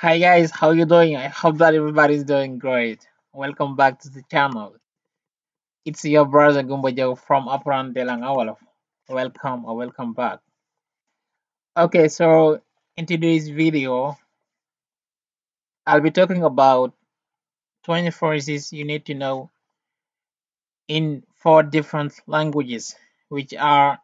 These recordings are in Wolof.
Hi guys, how you doing? I hope that everybody's doing great. Welcome back to the channel. It's your brother Gumbo Joe from Apuran Delang Awolof. Welcome or welcome back. Okay, so in today's video, I'll be talking about 20 phrases you need to know in four different languages, which are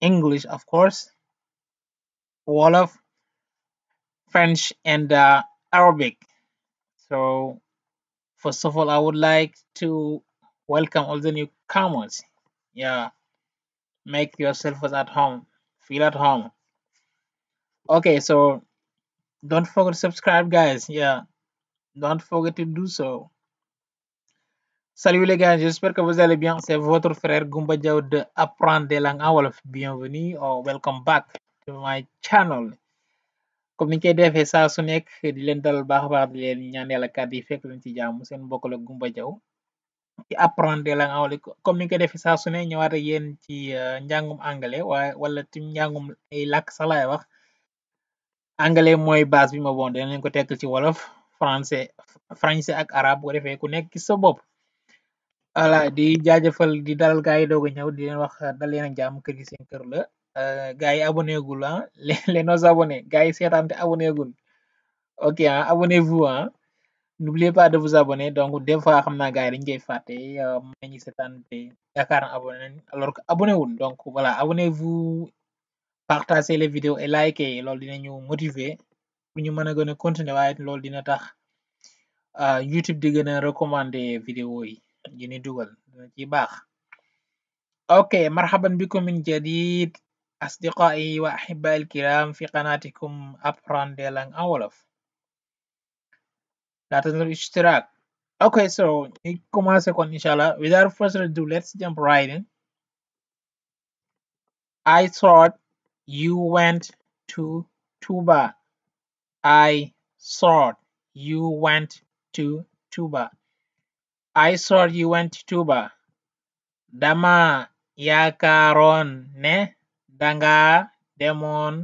English, of course, Wolof, French, and uh, Arabic. So, first of I would like to welcome all the newcomers. Yeah, make yourself at home, feel at home. Okay, so don't forget to subscribe, guys. Yeah, don't forget to do so. Salut les gars, j'espère que votre frère Gumba Diaw de Apprendre des langues en Wolof. Bienvenue or welcome back to my channel. comme niñ koy defee saa su nekk di leen dalal baax a baax di leen ñaan yàlla kàddu yi fekk leen ci jàmm seen mbokk la Gumba Jaw ci apprendre la nga comme niñ koy defee saa su ne ñëwaat yéen ci euh, njàngum anglais waaye wala tim njàngum ay làkk sax laay wax anglais mooy base bi ma bon dina leen ko tekkal ci wolof français français ak arabe bu defee ku nekk ci sa bopp. voilà di jaajëfal di dalal gaa yi doog a ñëw di leen wax dal leen ak jàmm kër gi seen kër la. Eh, gaa yi aboné gul ah les nos abonnés yi seetaan te aboné gul ok ah abonnez-vous ah n'oubliez pas de vous abonner donc des fois xam naa gaa yi dañ koy fàtte mën nañu te yaakaar aboné nañ alors que aboné wul donc voilà abonnez-vous partagez les vidéos et likez loolu dinañu motiver pour ñu mën a gën a continuer waaye loolu dina tax ah, YouTube di gën a recommander vidéo yi yi ni dugal marhaban bikum min jadid أصدقائي وأحبائي الكرام في قناتكم Apprendre so commencez kon inshallah without further let's jump right I thought you went to Touba I thought you went to Touba I thought you went to Touba dama yaakaaroon danga demoon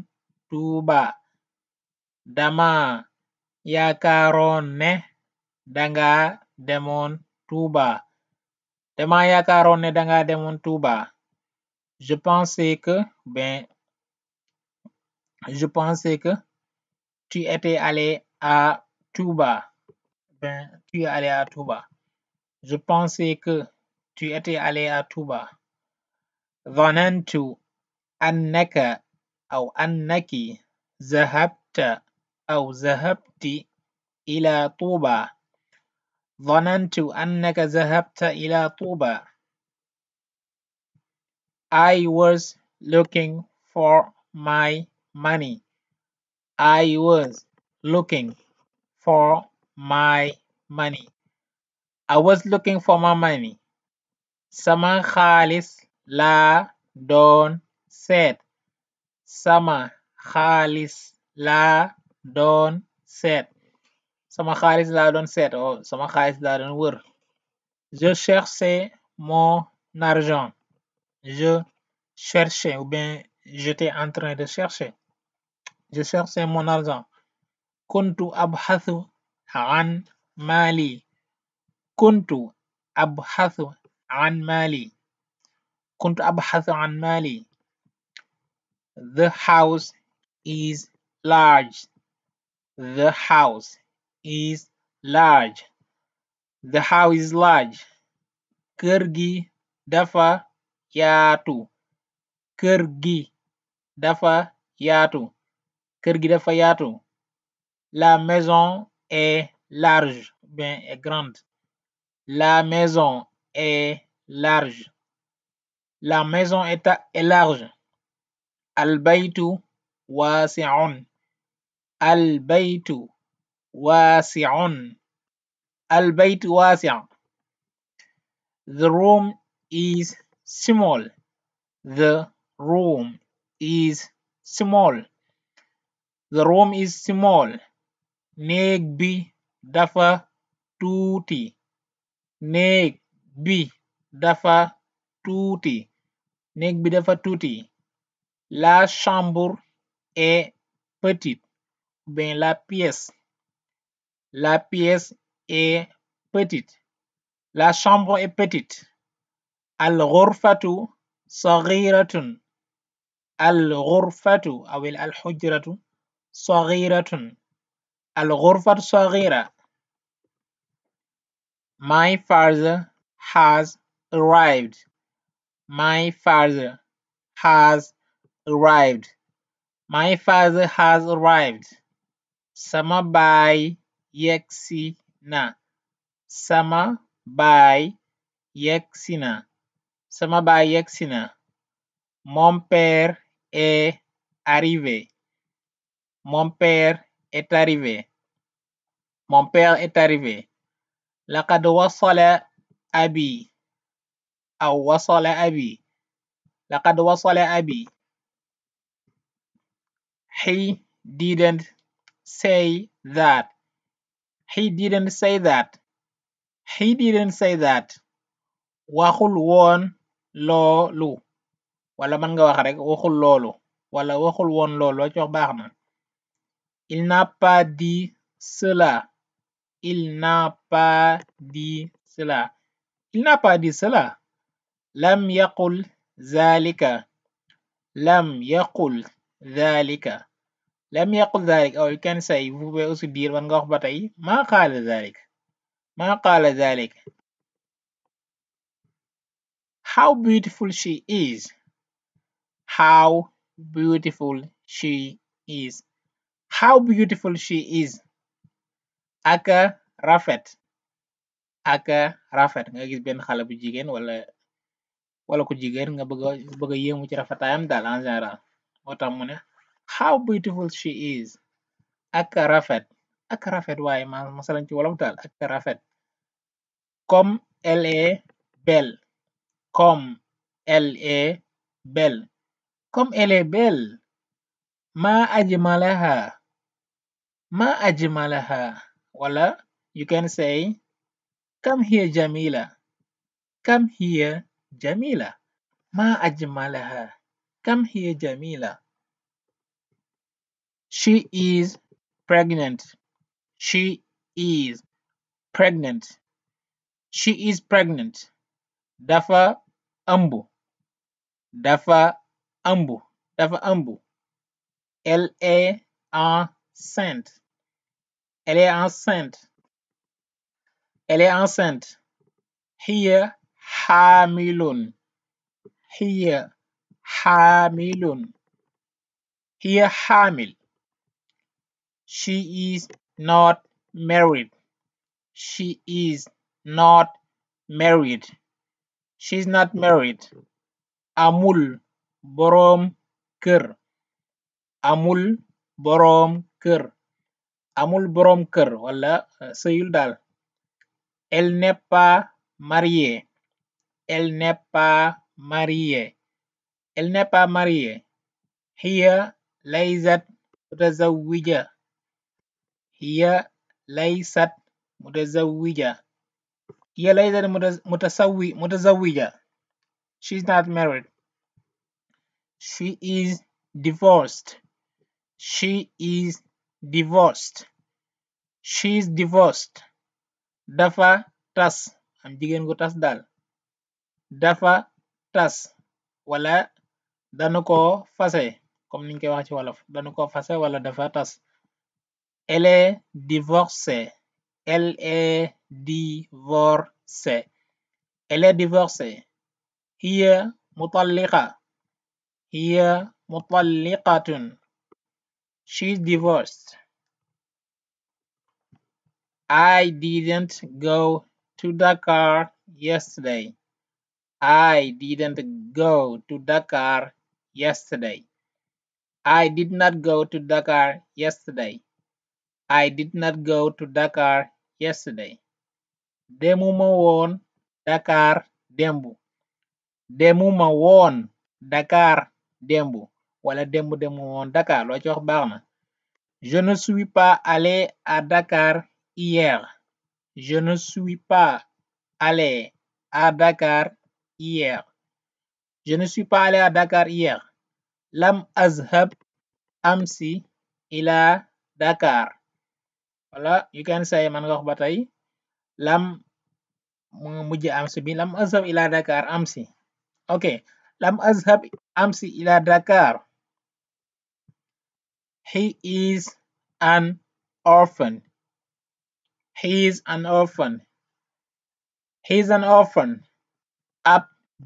tuuba dama yaakaaroon ne danga demoon tuuba dama yaakaaroon ne danga demoon tuuba je pensais que ben je pensais que tu étais allé à Touba ben tu es allé à je pensais que tu étais allé à Touba. Zanantu أنك أو أنكِ ذهبت أو ذهبتِ إلى طوبى. ظننت أنك ذهبت إلى طوبى. I was looking for my money. I was looking for my money. I was looking for my money. Sama xaalis la doon seet sama xaalis la doon seet sama xaalis laa doon seet o oh, sama xaalis laa doon wër je cherchais mon argent je cherchais ou bien j'étais en de chercher je cherchais mon argent kuntu abhathu an mali kuntu abhathu an mali The house is large. The house is large. The Kër gi dafa yaatu. Kër gi dafa yaatu. Kër gi dafa yaatu. La maison est large, bien est La maison est large. La maison est, large. albaytu waasi'un albaytu waasi'un albaytu waasi'. The room is small. The room is small. The bi dafa tuuti. Néeg dafa tuuti. Néeg bi dafa tuuti. La chambre est petite. la pièce. La pièce petite. La chambre est petite. الغرفة صغيرة. الغرفة أو الحجرة صغيرة. الغرفة صغيرة. My father has arrived. arrived. My father has arrived. Sama baay yegsi na. Sama baay yegsi na. Sama baay yegsi na. Mon père est arrivé. Mon père est arrivé. Mon père est arrivé. لقد وصل أبي أو وصل أبي. لقد وصل أبي. He didn't say that. He didn't say that. He didn't say that. waxul woon loolu wala mën nga wax rek waxul loolu wala waxul woon loolu a baax na il n'a pas dit cela il n'a pas dit il n'a pas dit lam yaqul zalika lam yaqul dhalika lam yaqul dhalik or you can say vous pouvez dire man nga wax ma tey maa qaala dhalik maa qaala dhalik how beautiful she is how beautiful she is how beautiful she is aka rafet aka rafet nga gis benn xale bu jigéen wala wala ku jigéen nga bëgg a bëgg a yéemu ci rafetaayam daal en moo tax mu ne how beautiful she is ak rafet ak rafet waaye ma masalan ci wolof daal ak rafet comme elle est belle comme elle belle comme elle est belle ma ajmalaha wala you can say come here jamila come here jamila ma ajmalaha كم هي جميلة. She is pregnant. She is pregnant. Dafa ëmb. Dafa ëmb. Dafa ëmb. Elle est enceinte. Elle est enceinte. Elle est enceinte. Hiya hamilun. Hiya حامل هي حامل she is not married she is not married amul boroom kër amul boroom kër amul boroom kër wala uh, sëyul daal elle n'est pas mariée elle n'est pas mariée Elle n'est pas mariée. هي ليست متزوجة. هي ليست متزوجة. هي ليست متزوجة. She's not married. She is divorced. She is divorced. dafa tas am jigéen gu tas daal. dafa tas wala danu ko fase comme niñ koy wax ci wolof danu ko fase wala dafa tas elle est divorcée elle est divorcée elle est divorcée hiya mutalliqa hiya mutalliqatun she's divorced I didn't go to Dakar yesterday I didn't go to Dakar yesterday. I did not go to Dakar yesterday. I did not go to Dakar yesterday. Demuma woon Dakar dembu. Demuma woon Dakar dembu. Wala demb demu woon Dakar loo ci wax baax Je ne suis pas allé à Dakar hier. Je ne suis pas allé à Dakar hier. Je ne suis pas allé à Dakar hier. لم أذهب أمس إلى Dakar wala you can say man nga wax ba tey lam mu mujj amsi bi lam azhab ila Dakar amsi ok lam azhab amsi ila Dakar he is an orphan he is an orphan he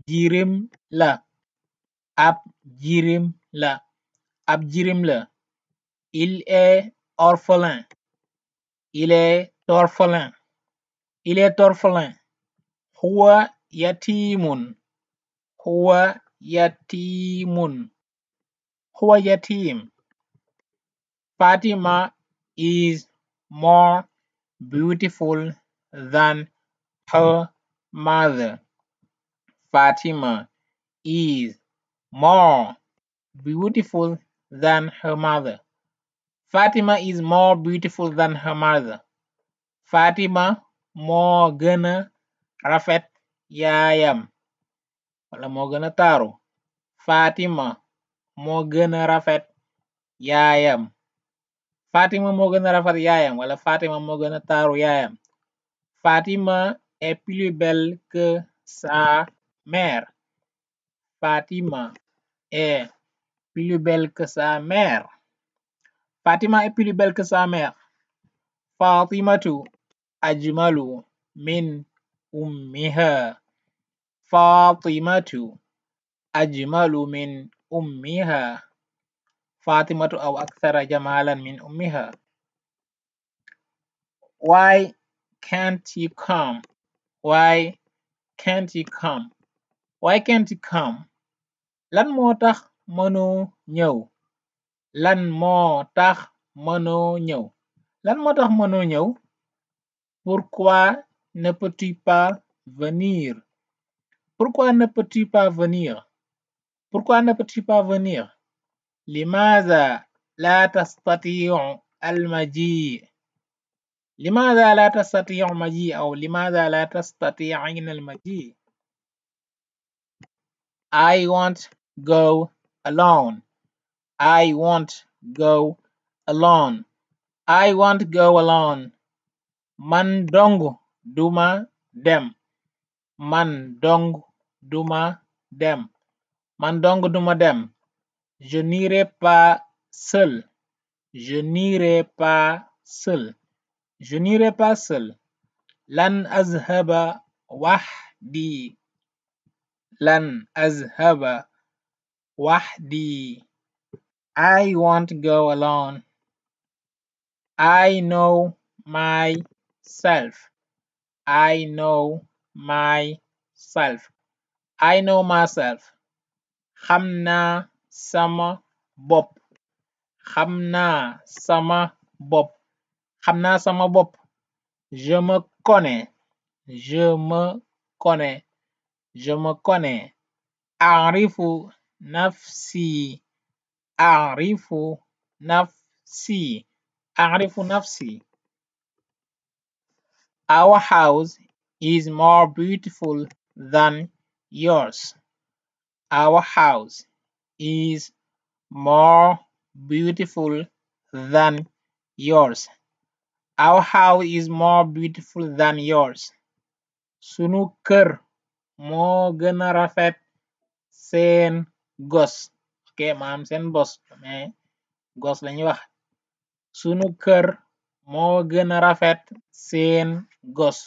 jirim la ab jirim la ab la il est orphelin il est orphelin il est orphelin huwa yatimun huwa yatimun huwa yatim Fatima is more beautiful than her mother Fatima is more beautiful than her mother. Fatima is more beautiful than her mother. Fatima moo gën rafet yayam wala moo gën a taaru. Fatima moo gën a rafet yayam Fatima moo gën a rafet yaayam wala Fatima moo gën a taaru yaayam. Fatima est plus belle que sa mère. Fatima est plus belle que sa mère. Fatima est plus belle que sa mère. Fatimatu ajmalu min ummiha. Fatimatu ajmalu min ummiha. Fatimatu aw akthara jamalan min ummiha. Why can't you come? Why can't you come? Why can't you come? lan moo tax mënoo ñëw lan moo tax mënoo ñëw lan moo tax mënoo ñëw pourquoi ne peux-tu pas venir pourquoi ne peux pas venir pourquoi ne peux pas venir limaza la tastatiu almajii limaza la tastatiu almajii aw limaza la tastatiina almajii I won't go alone. I won't go alone. I won't go alone. Man dong duma dem. Man dong duma dem. Man dong duma dem. Je n'irai pas seul. Je n'irai pas seul. Je n'irai pas Lan azhaba wahdi. Lan azhaba وحدي I won't go alone I know myself I know myself I know myself xam naa sama bopp xam naa sama bopp xam naa sama bopp je me connais je me connais je نفسي أعرف نفسي أعرف نفسي Our house is more beautiful than yours. Our house is more beautiful than yours. Our house more beautiful Sunu kër moo gën rafet seen gos ok maam seen bos mais gos lañuy wax sunu kër moo gëna rafet seen gos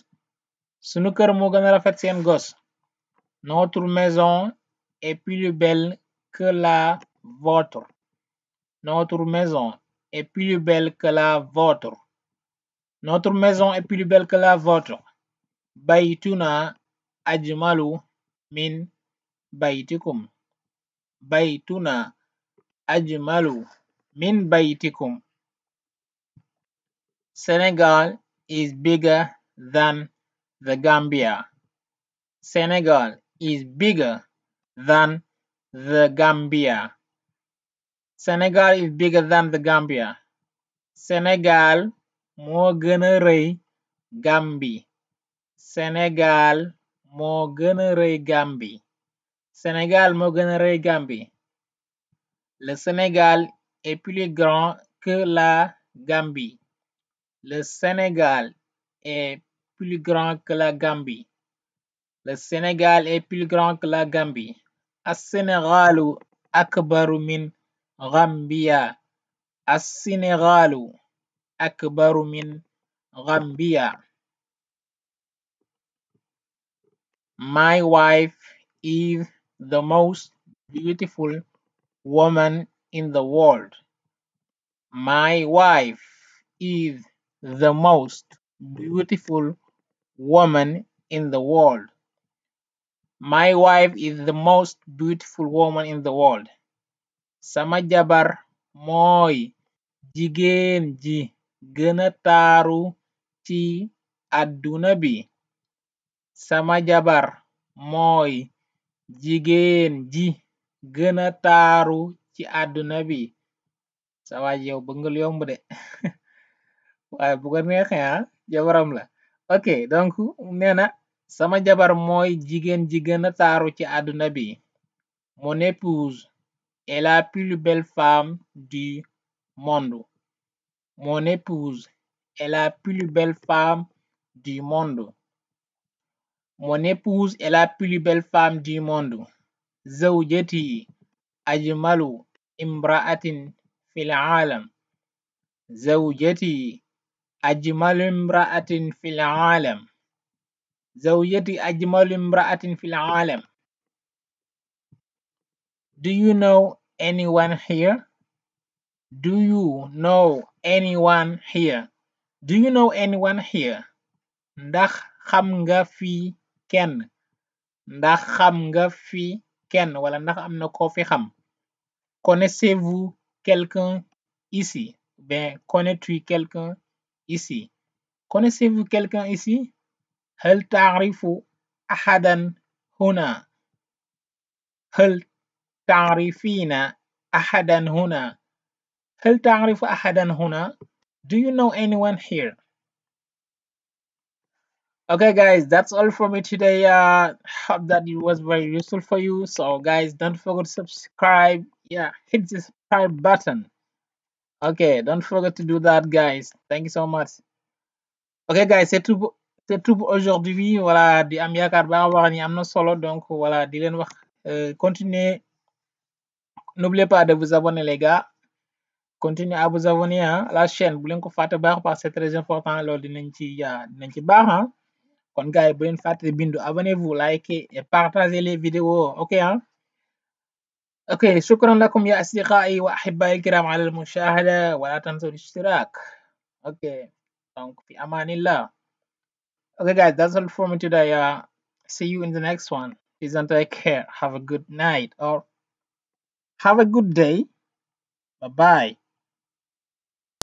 sunu kër gëna rafet seen gos notre maison est plus belle que la vôtre notre maison est plus belle que la vôtre notre maison est plus belle que la vôtre baytuna ajmalu min baytikum baytuna ajmalu min baytikum. Senegal is bigger than the Gambia. Senegal is bigger than the Gambia. Senegal is bigger than the Gambia. Senegal moo gën a rëy Gambi. Senegal moo gën a rëy Gambi. Sénégal moo gëna rey Gambie. Le Sénégal est plus grand que la Gambie. Le Sénégal est plus grand que la Gambie. Le Sénégal est plus grand que la Gambie. As-Sénégalu akbaru min Gambia. As-Sénégalu akbaru min Gambia. My wife is the most beautiful woman in the world. My wife is the most beautiful woman in the world. Sama jabar mooy jigéen ji gëna taaru ci àdduna bi. Sama jabar mooy jigéen ji gëna taru ci àdduna bi sawaay yow bëngal yomb de waaye bu ah, la ok donc neena sama jabar mooy jigéen ji gëna taaru ci àdduna bi mon épouse est la plus belle femme du monde mon épouse est plus belle femme du monde Mon épouse est la plus belle femme du monde. زوجتي أجمل امرأة في العالم. زوجتي أجمل امرأة في العالم. زوجتي أجمل امرأة في العالم. Do you know anyone here? Do you know anyone here? Do you know anyone here? ndax xam nga fii kenn ndax xam nga fi kenn wala ndax am na ko fi xam connaissez-vous quelqu'un ici ben connais-tu quelqu'un ici connaissez-vous quelqu'un ici hal ta'rifu ahadan huna hal ta'rifina ahadan huna hal ta'rifu ahadan huna do you know anyone here okay guys that's all for me today uh hope that it was very useful for you so guys don't forget to subscribe yeah hit subscribe button okay don't forget to do that guys thank you so much okay guys c'est tout aujourd'hui voilà di am yaakaar ba nga wax ni am na solo donc voilà di leen wax euh, continuez n'oubliez pas de vous abonner les gars continuez à la chaîne bu leen ko fàtte baax parce que c'est très important loolu dinañ ci ya dinañ ci baax kon gaay bindu abonnez-vous likez et partagez ok shukran lakum ya asdiqai wa ahibai kiram ala almushahada wala tansu al-ishtirak ok donc fi amanillah okay guys that's all for me today see you in the next one have a good night or have a good day bye bye